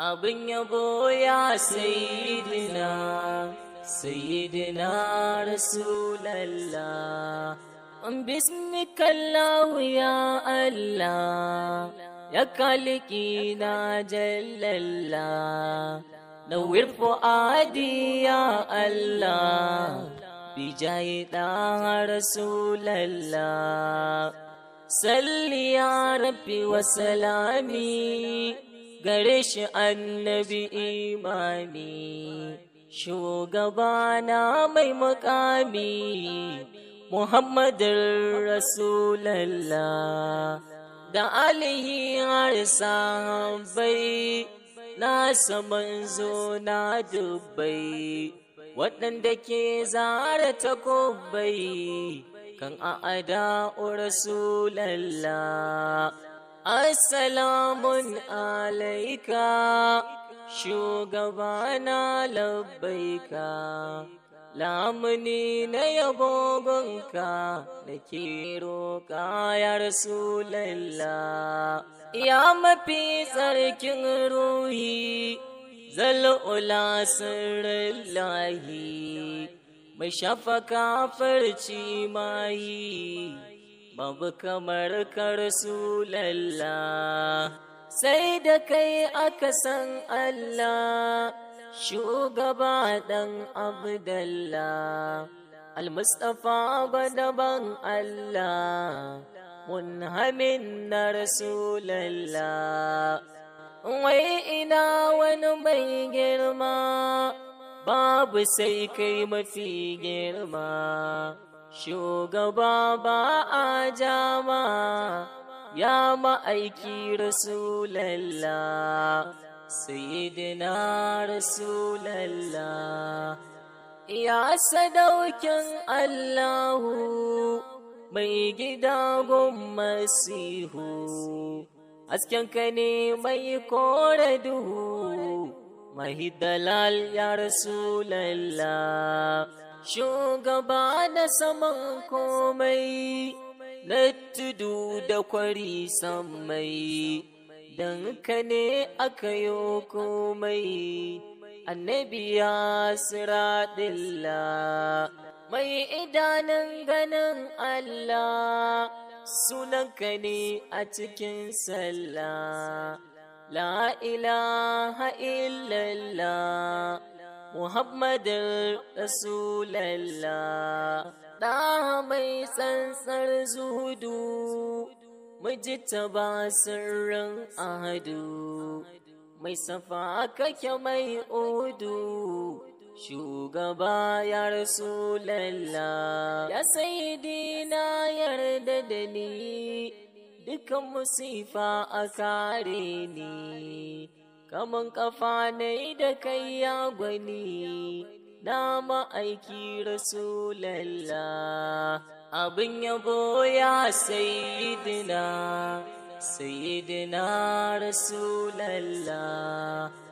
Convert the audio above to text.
Abin yabo ya sayyidina, sayyidina Rasulallah. An bismikallahu ya Allah, ya kaliki na jallallah. Nawir adi ya Allah, bijaye da Rasulallah. Salli ya Rabbi wa salami. gare shi annabi imami shugabana mai makami muhammadin rasulallah da alihi har bai na saman zo na dubbai waɗanda ke zara takobai kan a'ada rasulallah Assalamun alaika shugabana labbaika lamuni na yabo gunka da ke roƙa ya ya mafi tsarkin ruhi zal'ula sirrin lahi mashafaka farci mahi babu kamar ka rasulallah sai da kai aka san Allah shugaba dan abdallah المصطفى Allah. Mun منهمن رسول الله wai ina wani mai girma babu sai kai mafi girma shugaba ba a jama ya ma'aiki rasulallah sayyidina rasulalla ya sadaukin allahu mai gida masihu hasken ka ne mai kore duhu mahi dalal ya rasulallah shugaba na saman komai na tudu da kwari sammai don ka ne aka yi komai annabi ya siradilla mai idanun ganin Allah ka ne a cikin sallah la ilaha illallah محمد رسول الله دا mai tsantsar zuhudu mujtaba sirrin ahadu mai safa kake mai odu shugaba ya rasulallah ya sayidina yarda da ni dukan musifa a kare ni kaman kafa ne da kai ya gwani na ma'aiki rasulallah abin yabo ya sayyidina sayyidina rasulallah